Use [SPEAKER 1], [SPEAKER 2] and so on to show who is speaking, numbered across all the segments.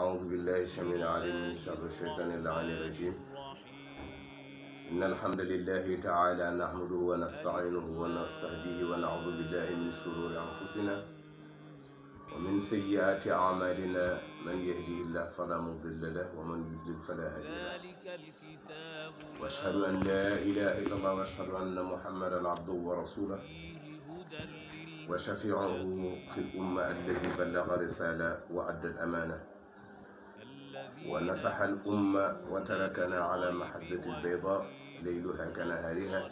[SPEAKER 1] أعوذ بالله السميع العليم من شر الشيطان اللعين الرجيم إن الحمد لله تعالى نحمده ونستعينه ونستهديه ونعوذ بالله من شرور أنفسنا ومن سيئات أعمالنا من يهدي الله فلا مضل له ومن يضلل فلا هادي له وأشهد أن لا إله إلا الله وأشهد أن محمدا عبده ورسوله وشفيعه في الأمة الذي بلغ رسالة وأدى الأمانة ونصح الأمة وتركنا على محبة البيضاء ليلها كنهارها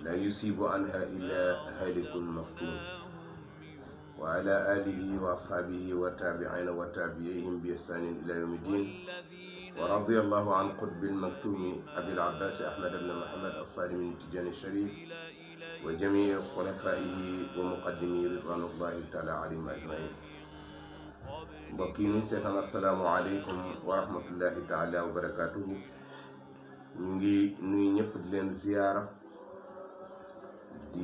[SPEAKER 1] لا يصيب عنها إلا هالك مفتون وعلى آله وأصحابه وتابعين وتابعيهم بإحسان إلى يوم الدين ورضي الله عن قطب المكتوم أبي العباس أحمد بن محمد الصارم من تجان الشريف وجميع خلفائه ومقدمي رضوان الله تعالى عليهم أجمعين mbokk yi ñuy seetaan asalaamaaleykum wa taala wa barakaatuhu ñu ngi nuyu di leen ziyaara di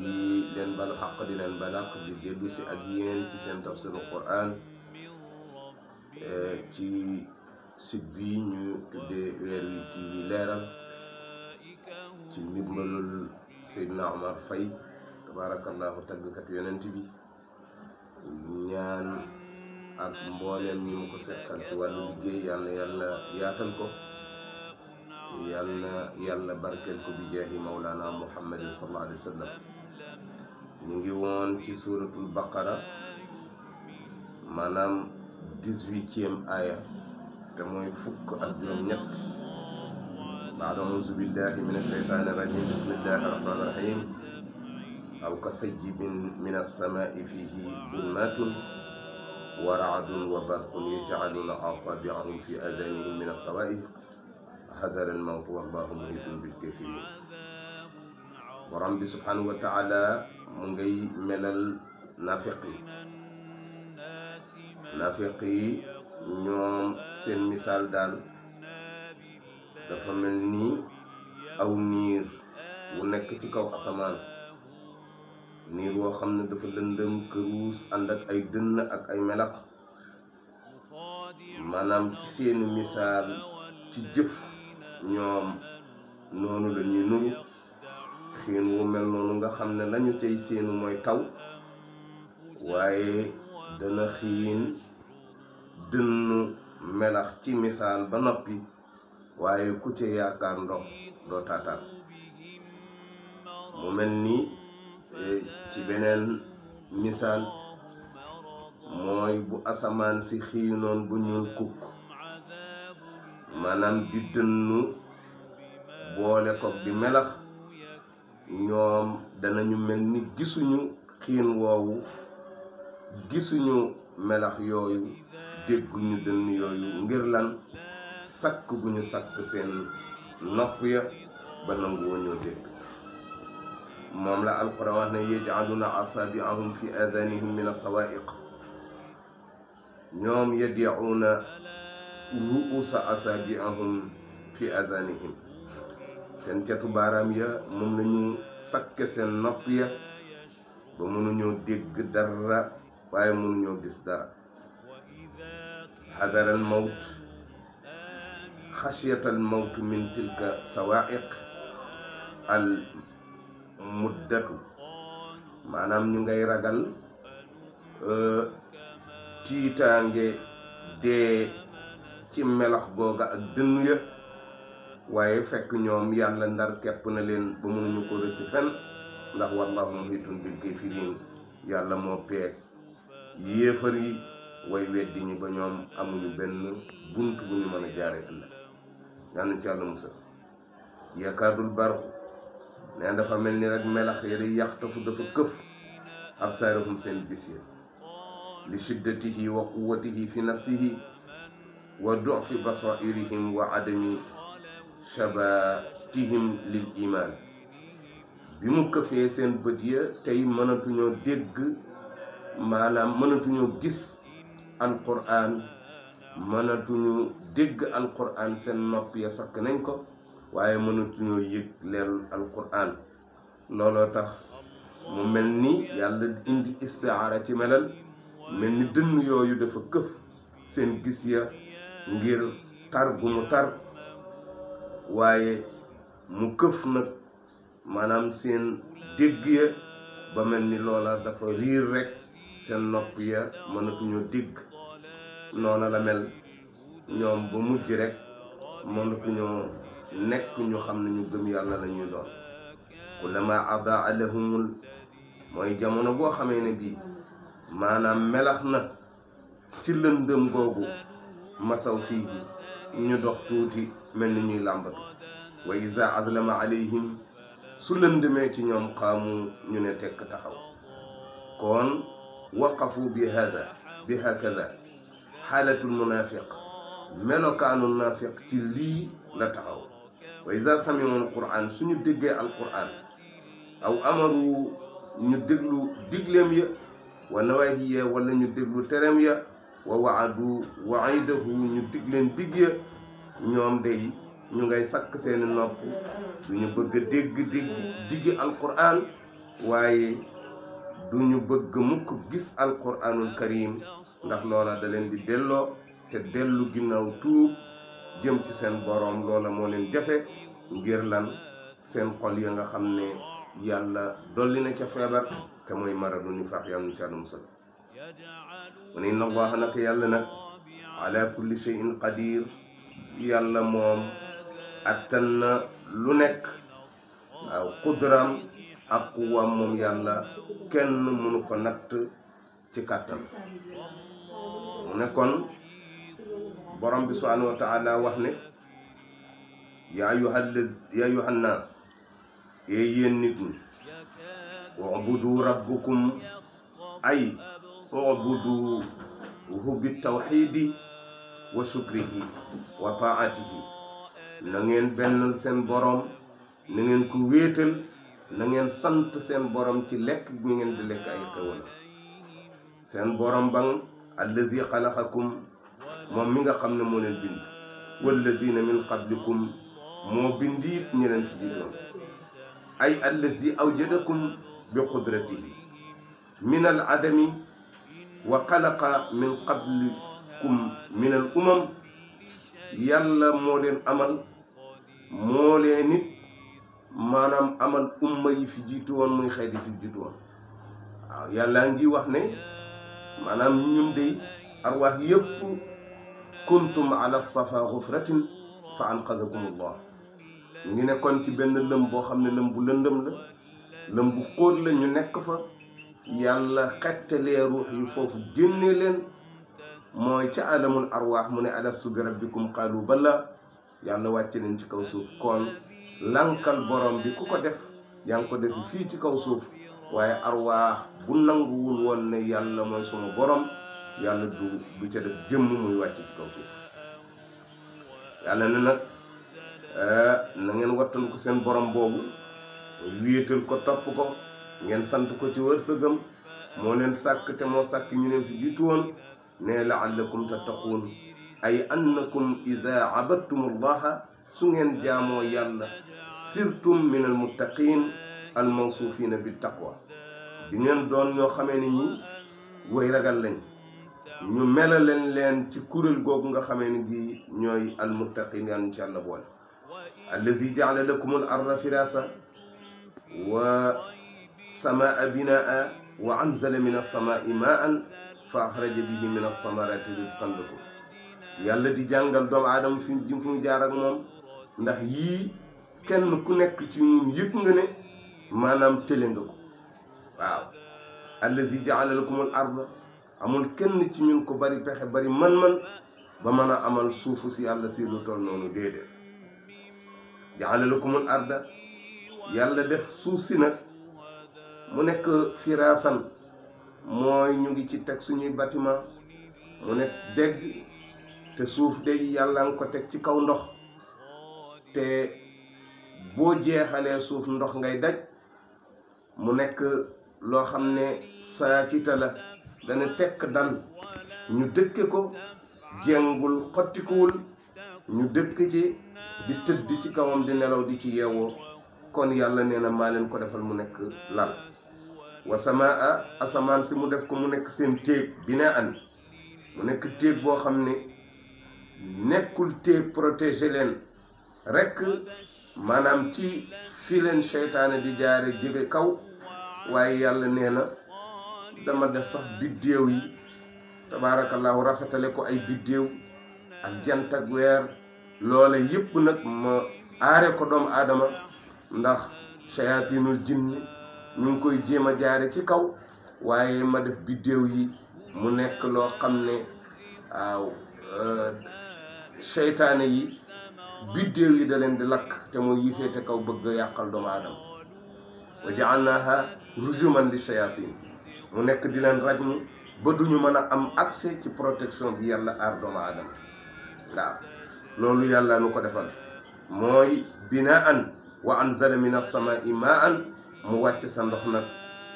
[SPEAKER 1] leen balu xaq di leen balaq di dellu si ak yéen ci seen tafsiru Qur'an eh, ci site bi ñu tuddee weer wi TV leeral ci ndimbalul Seydina Omar Faye tabaarakallahu tàggkat yonent bi ñaan ak mbooleem ñi mu ko seqal ci wàllu liggéey yàlla yàlla yaatal ko yàlla yàlla barkeel ko bi jaahi mawlana muhammadin sallallahu alayhi wa sallam ñu ngi woon ci suuratul baqara maanaam dix-huitième aaya te mooy fukk ak juróom-ñett baad auzu billahi min ashaytaani rajim bismillahi rahmaani rahim aw ka sayyibin min assamaa'i fiihi zulmaatun ورعد وبرق يجعل أصابعهم في أذانهم من الصوائح حذر الموت والله محيط بالكفير ورب سبحانه وتعالى من جاي من النافقي نافقي نيوم سن مثال دال دا او نير ونكتك أو كو اسمان niir woo xam ne dafa lëndëm këruus ànd ak ay dënn ak ay melax maanaam ci seeni misaal ci jëf ñoom noonu lañuy ñuy nuru xiin wu mel noonu nga xam ne lañu cay seenu mooy taw waaye dana xiin dënn melax ci misaal ba noppi waaye ku ca yaakaar ndox doo taataan mu mel nii Eh, ci beneen misal mooy bu asaman si xiinoon bu ñuul kuk manam di dënnu boole ko di melax ñoom danañu mel ni gisuñu xiin woowu gisuñu melax yooyu dégguñu dënn yooyu ngir lan sakk guñu ñu sakk seen nopp ya ba nanguwoo ñoo dégg مملا القران يجعلون اصابعهم في اذانهم من الصوائق يوم يدعون رؤوس اصابعهم في اذانهم سن باراميا بارام يا موم نيو يدق سن نوب يدس با ديغ حذر الموت خشيه الموت من تلك سوائق muddatu maanaam ñu ngay ragal euh, tiitaange dee ci melax googa ak dënn ya waaye fekk ñoom yàlla ndar kepp na leen ba mënuñu ko rëcc fen ndax wallahu muhitun bil kafirin yàlla moo peeg yéefar yi way weddi ñi ba ñoom amuñu benn bunt bu ñu mën a jaare ëllëg yàlla ci musal yakaadul barxu ne dafa mel ni rek melax ya day yaxtafu dafa këf absaarahum seen gis ya li shiddatihi wa quwatihi fi nafsihi wa dufi basairihim wa adami shabatihim lil iman bi mu këfee seen bët ya tey mënatuñoo dégg maanaam mënatuñoo gis alquran mënatuñu dégg alquran seen nopp ya sakk nañ ko waaye mënatuñoo yëg leeru alquran looloo tax mu mel ni yàlla indi istiaara ci melal mel ni dënn yooyu dafa këf seen gis ya ngir tar gu mu tar waaye mu këf nag maanaam seen dégg ya ba mel ni loola dafa riir rekk seen nopp ya mënatuñoo dégg noona la mel ñoom ba mujj rek mënatuñoo nekk ñu xam ne ñu gëm yàlla la ñuy doon kullama adaa lahumul mooy jamono boo xamee ne bii maanaam melax na ci lëndëm googu masaw fii ñu dox tuuti mel ni ñuy làmbatu wa iza azlama alayhim su lëndëmee ci ñoom xaamu ñu ne tekk taxaw kon waqafu bi hakada xaalatul munafiq melokaanu nafiq ci lii la taxaw wa iza sami'ul qur'an suñu déggee alqur'an aw amaru ñu déglu digleem ya wa nawahi ya wala ñu déglu tereem ya wa waadu waidahu ñu digleen dig ya ñoom day ñu ngay sakk seeni nopp du ñu bëgg a dégg dégg diggi alqur'an waaye du ñu bëgg mukk gis alqur'anul karim ndax loola da leen di delloo te dellu ginnaaw tuub jëm ci seen boroom loola moo leen jafe ngir lan seen xol ya nga xam ne yàlla dolli na ca feebar te mooy maradu ni faax yàlla nu caanu musal mu ne inna allaha nag yàlla nag ala kulli shay'in qadir yàlla moom attan na lu nekk waaw qudraam ak quwaam moom yàlla kenn mënu ko natt ci kàttan mu ne borom bi subhaanahu wa taala wax ne yaa ayyuha nnaas yéey yéen nit ñi rabbukum ay ubuduhu bi tawxiidi wa shukrihi wa taatihi na ngeen bennal seen borom na ngeen ko wéetal na ngeen sant seen borom ci lekk gi ngeen di lekk ay xewal seen borom ban allazi xalaxakum mom mi nga xamne mo len bind wal ladina min qablikum mo bindiit ñeneen leen fi jiitoon ay allazi awjadakum bi qudratihi min al adami wa qalaqa min qablikum min al umam yàlla mo len amal mo leen nit manam amal umma yi fi jiitu won muy xeydi fi jiitu won yàlla ngi wax ne manam ñun de arwah yep kuntum ala safa xufratin fa anqadakum allah ñu ngi nekkoon ci benn lëm boo xam ne lëm bu lëndëm la lëm bu xóot la ñu nekk fa yàlla xettalee ruux yi foofu génnee leen mooy ca alamul arwaax mu ne alastu bi rabbikum qaalu bala yàlla wàcce leen ci kaw suuf kon lankal borom bi ku ko def yaa ngi ko def fii ci kaw suuf waaye arwaax bu nanguwul woon ne yàlla mooy suma borom yàlla du du ca def jëmm muy wàcc ci kaw suuf yàlla ne nag eh, na ngeen wattan ko seen borom boobu wéetal ko topp ko ngeen sant ko ci wërsëgam moo leen sàkk te moo sàkk ñu neen fi jiitu woon ne laallakum tattaquun ay annakum ida abadtum allaha su ngeen jaamoo yàlla sirtum min al muttaqin al mawsuufina bi taqwa di ngeen doon ñoo xamee ne ñi way ragal lañ ñu melaleen leen ci kuréel googu nga xamee ni gi ñooy almuttaqin yal na ci yàlla boole allazi jaala lakum al arda firasa wa samaa binaa wa anzala min alsamaai maan fa axraja bihi min alsamarati risqan lakum yàlla di jàngal doomu aadama fi mu fu mu jaar ak moom ndax yii kenn ku nekk ci ñun yëg nga ne maanaam tële nga ko waaw allazi jaala lakum al amul kenn ci ñun ko bari pexe bari man-man ba mën a amal suufu si yàlla si lu toll noonu déedéet jaala lakumul arda yàlla def suuf si nag mu nekk firaasan mooy ñu ngi ci teg suñuy bâtiment mu nekk dégg te suuf dégg yàlla nga ko teg ci kaw ndox te boo jeexalee suuf ndox ngay daj mu nekk loo xam ne saakita la dana tekk dan ñu dëkke ko jengul xottikuwul ñu dëkk ci di tëdd ci kawam di nelaw di ci yeewoo kon yàlla nee na maa leen ko defal mu nekk lal wa samaa asamaan si mu def ko mu nekk seen téeg binaa an mu nekk téeg boo xam ne nekkul téeg protégé leen rekk maanaam ci fi leen seytaane di jaare jëbe kaw waaye yàlla nee na dama def sax biddéew yi tabaarakallaahu rafetale ko ay biddéew ak jant ak weer loole yépp nag ma aare ko doomu aadama ndax shayatinul jinni ñu ngi koy jéem a jaare ci kaw waaye ma def biddéew yi mu nekk loo xam ne waaw euh, seytaane yi biddéew yi da leen di lakk te mooy yi te kaw bëgg yàqal doomu aadama wa jaalnaaha rujuman li shayatin mu nekk di leen ràññu ba duñu mën a am accès ci protection bi yàlla aar doomu aadama waaw loolu yàlla nu ko defal mooy binaan wa anzala min as-samaa'i maa'an mu wàcc sa ndox nag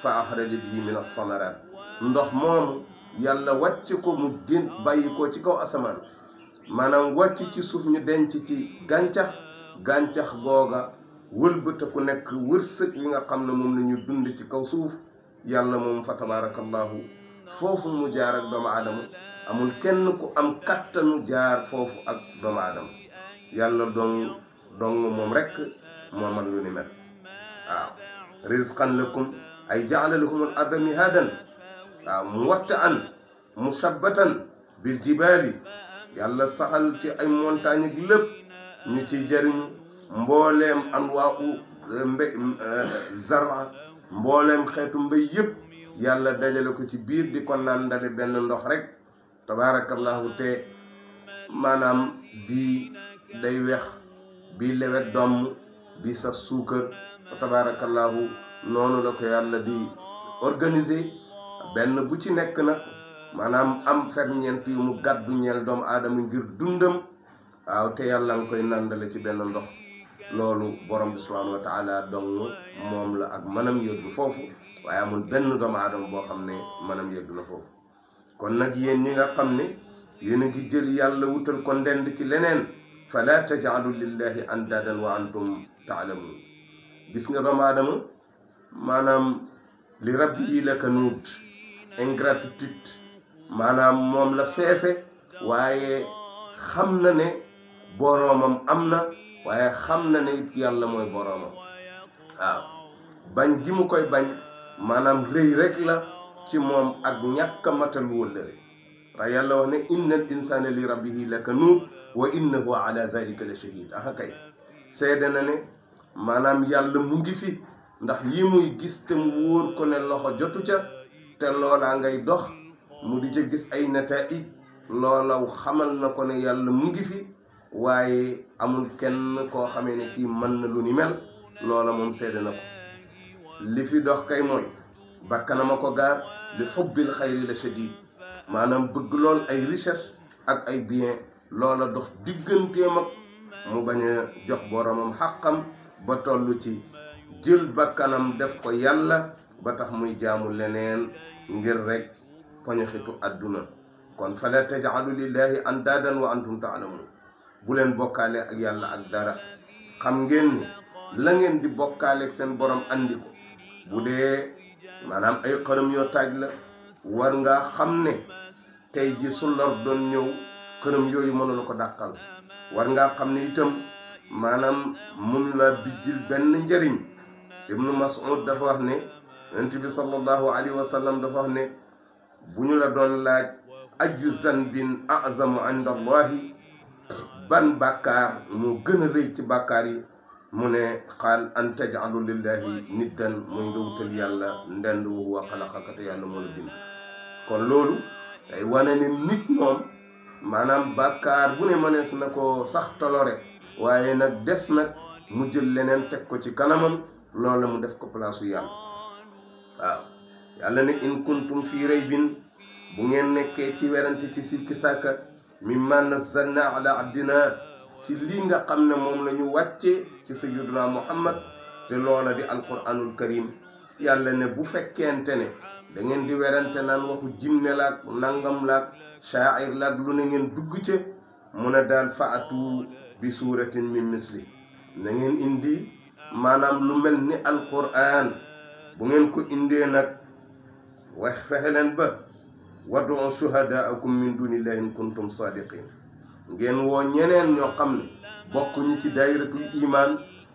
[SPEAKER 1] fa axraja bihi min as-samaraat ndox moomu yàlla wàcc ko mu gén bàyyi ko ci kaw asamaan maanaam wàcc ci suuf ñu denc ci gàncax gàncax googa wëlbata ku nekk wërsëg yi nga xam ne moom la ñu dund ci kaw suuf yàlla mom fa allah fofu mu jaar ak doomu adam amul kenn ku am kattanu jaar fofu ak doomu adam yàlla dong dong mom rek moo man lu ni mel waaw rizqan lakum ay ja'al lakum al arda mihadan waaw musabbatan bil jibaali yàlla saxal ci ay montagne ak lépp ñu ci jëriñu mbollem anwaa zara mboolem xeetu mbay yépp yàlla dajale ko ci biir di ko naan ndale benn ndox rek tabaarakallaahu te maanaam bii day weex bii lewet domm bii saf suukar tabaarakallaahu noonu la ko yàlla di organiser benn bu ci nekk na maanaam am ferñeent yu mu gàddu ñeel doomu aadama ngir dundam waaw te yàlla nga koy nàndale ci benn ndox loolu borom bi subhanahu wa dong moom la ak manam yëggu foofu waaye amul benn doomu aadama boo xam ne manam yëgg na foofu kon nag yéen ñi nga xam ne yéen a ngi jël yàlla wutal ko ndend ci leneen fa fala tajaalu lillahi andaadan wa antum taalamun gis nga doomu aadama maanaam li rabbihi lakanuud ingratitude maanaam moom la feese waaye xam na ne boroomam am na waaye xam na ne it yàlla mooy boroomam waaw bañ gi mu koy bañ maanaam rëy rek la ci moom ak ñàkk a matal wóllëre ndax yàlla wax ne inna al insana li rabbihi lakanuud wa innahu ala zalika la shahid aha kay seede na ne maanaam yàlla mu ngi fi ndax lii muy gis te mu wóor ko ne loxo jotu ca te loolaa ngay dox mu di ca gis ay nataij loola xamal na ko ne yàlla mu ngi fi waaye amul kenn koo xamee ne kii mën na lu ni mel loola moom seede na ko li fi dox kay mooy bakkanama ko gaar li xubbil xayri la shadid maanaam bëgg lool ay richesse ak ay bien loola dox digganteem ak mu bañ a jox boromam xàqam ba toll ci jël bakkanam def ko yàlla ba tax muy jaamu leneen ngir rek poñaxitu àdduna kon fala tajcalu lillahi andaadan wa antum taalamun bu leen bokkaale ak yàlla ak dara xam ngeen ni la ngeen di bokkaaleeg seen borom andi ko bu dee maanaam ay xërëm yoo taaj la war nga xam ne tey ji su lor doon ñëw xërëm yooyu mënu ko dàqal war ngaa xam ne itam maanaam mun la bijjil benn njëriñ ibnu mas'ud dafa wax ne yonent bi sallallahu alayhi wa sallam dafa wax ne bu ñu la doon laaj aju zanbin azamu inda allahi ban bàkkaar moo gën a rëy ci bàkkaar yi mu ne xaal an tajalu lillahi niddan mooy nga wutal yàlla ndend wa huwa xalaqaka yàlla moo la bind kon loolu day wane ne nit moom maanaam bàkkaar bu ne mënees na ko sax rek waaye nag des nag mu jël leneen teg ko ci kanamam loolu la mu def ko palaasu yàlla waaw yàlla ne in kuntum fii raybin bu ngeen nekkee ci werante ci sikki sàkka mimma nazzalna ala abdina ci lii nga xam ne moom lañu ñu wàcce ci sayyiduna muhammad te loola di alquranul karim yàlla ne bu fekkente ne da ngeen di werante naan waxu jinne laak nangam laak shaair laak lu ne ngeen dugg ci mun a daal faatu bi suuratin min misli indi maanaam lu mel ni alquran bu ngeen ko indee nag wax fexe leen ba wad'u shuhadaakum min dunillahi in kuntum sadiqin ngeen woo ñeneen ñoo xam ne bokk ñi ci daayiratul iman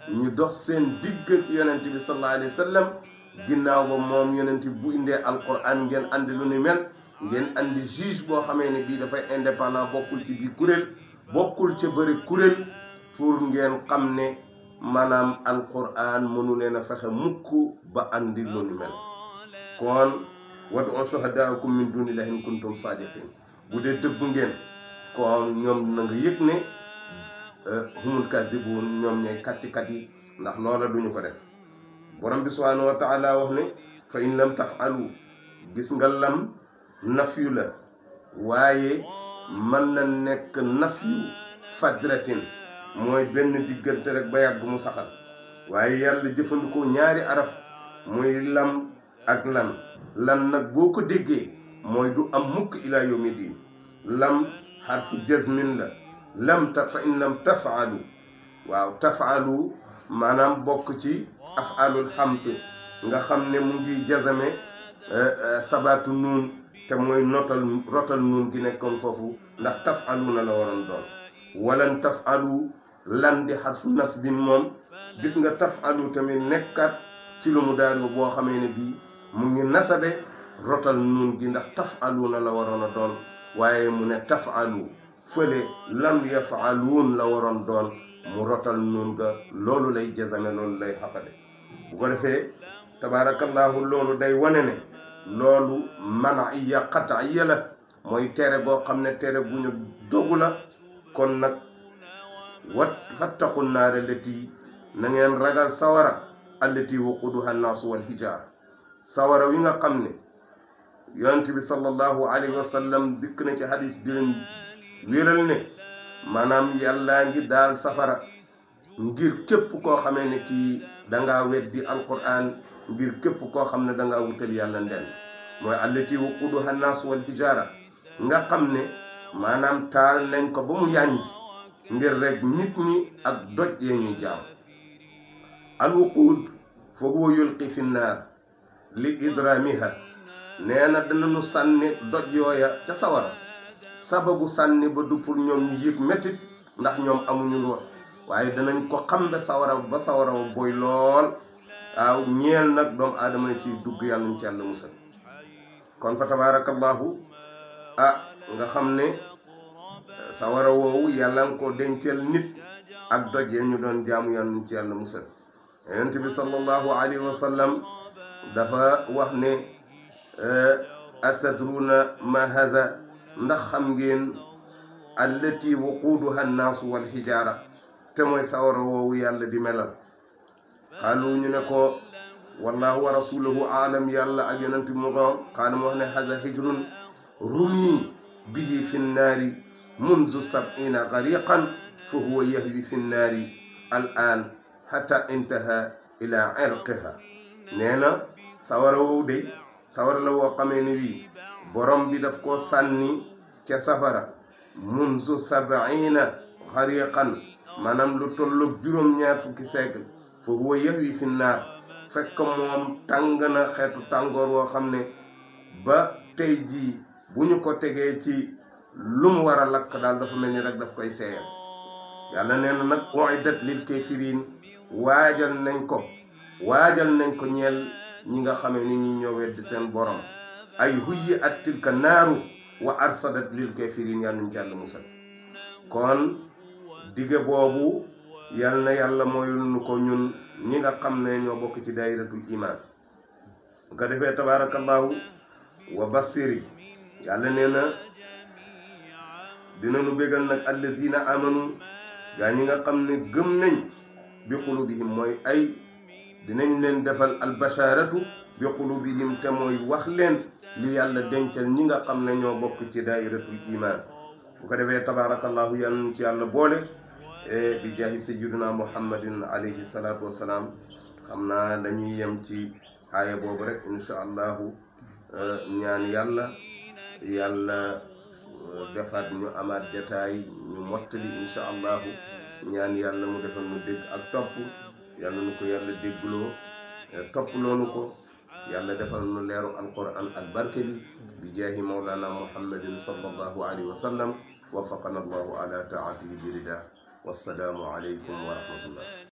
[SPEAKER 1] ñu dox seen digg ak yonent bi sallallahu alayhi wa sallam ginnaaw ba moom yonent bi bu indee alquran ngeen andi lu ni mel ngeen andi juge boo xamee ne bii dafay indépendant bokkul ci biir kuréel bokkul ca bëri kuréel pour ngeen xam ne maanaam alquran mënu leen a fexe mukk ba andi lu ni mel kon wad'u shuhadaakum min dunillahi in kuntum saadiqin bu dee dëggu ngeen ko ñoom na nga yëg ne eh, humul kazibuun ñoom ñooy kàccikat yi ndax loola duñu ko def borom bi subhaanahu wa taala wax ne fa in lam tafalu gis nga lam nafyu la waaye mën na nekk nafyu fadratin mooy benn diggante rek ba yàgg mu saxal waaye yàlla jëfandikoo ñaari araf muy lam ak lan lan nak boko déggé moy du am mukk ila yawmi din lam harf jazmin la lam ta fa in lam taf'alu waaw taf'alu manam bok ci af'alul xams nga xamné mu ngi jazame sabatu nun te moy notal rotal nun gi nekkon fofu ndax tafaaluuna la waron doon walan taf'alu lan di harf nasbin mom gis nga taf'alu tamit nekkat ci lu mu daaru bo xamee ne mu ngi nasabe rotal nuun gi ndax tafaluuna la waroon a doon waaye mu ne tafalu fële lam yafaluun la waroon doon mu rotal nuun ga loolu lay jazame loolu lay xafade bu ko defee tabaarakallaahu loolu day wane ne loolu manaiya qataiya la mooy tere boo xam ne tere bu ñu dogu la kon nag wat xattaqu naara lati na ngeen ragal sawara allati waquduha annaasu wal hijaara sawara wi nga xam ne yonent bi sallallahu alayhi wa sallam dikk na ci hadis di leen wéral ne maanaam yàllaa ngi daal safara ngir képp koo xamee ne kii da ngaa weddi alquran ngir képp koo xam ne danga ngaa wutal yàlla ndeen mooy allati waquduha nnaas wal hijaara nga xam ne maanaam taal nañ ko ba mu yànj ngir rek nit ñi ak doj yee jaam al wuqud fa huwa yulqi fi li idramiha neena na danañu sànni doj ca sawara sababu sanni ba du pour ñom ñu yek metti ndax ñoom amuñu wax ko xam ne sawara ba sawara boy lol aw ñeel nak doomu adama ci dugg yalla ñu ci yalla musal kon fa tabarakallahu a nga xamne sawara woowu yàlla ko dencel nit ak doj ya ñu doon jaamu yalla ñu ci yalla musal sallallahu alaihi wasallam دفا وحني أتدرون ما هذا نخمجين التي وقودها الناس والحجارة تموي ثورة ووي الذي ملل قالوا نكو والله ورسوله عالم يلا أجن أنت مغام قال مهنا هذا هجر رمي به في النار منذ سبعين غريقا فهو يهوي في النار الآن حتى انتهى إلى عرقها نعم sawara woowu de sawara la woo xamee ne wii borom bi daf koo sànni ca safara munzu sabaina xariqan maanaam lu tolloog juróom-ñaar fukki siècle fa huwa yahwi fi naar fekk moom tàng na xeetu tàngoor woo xam ne ba tey jii bu ñu ko tegee ci lu mu war a lakk daal dafa mel ni rek daf koy seeyal yàlla nee na nag uiddat lil kafirin waajal nañ ko waajal nañ ko ñeel ñi nga xamee ni ñi ñoo wedd seen borom ay huyyi at tilka naaru wa arsadat lil kafirin yal nañ ci yàlla musal kon dige boobu yal na yàlla mooyul nu ko ñun ñi nga xam ne ñoo bokk ci daayiratul iman nga defee tabaarakallaahu wa basiri yàlla nee na dina nu bégal nag allazina amanu gaa ñi nga xam ne gëm nañ bi xulubihim mooy ay dinañ leen defal albasharatu bi qulubihim te mooy wax leen li yàlla dencal ñi nga xam ne ñoo bokk ci dairatul iman bu ko defee tabarakallahu yan ci yàlla boole e, bi jaahi sayyidina muhammadin alayhi salaatu wasalaam xam naa dañuy yem ci aaya boobu rek insha allahu e, ñaan yàlla yàlla e, defaat ñu amaat jataay ñu mottali insha allahu ñaan yàlla mu defal ñu dégg ak topp yalla nuko yàlla deglo top lolu ko yàlla defal nu leeru alquran ak barke bi bi jahi mawlana muhammad sallallahu alayhi wa sallam wafaqana allahu ala taatihi birida wassalaamu alaykum wa rahmatullah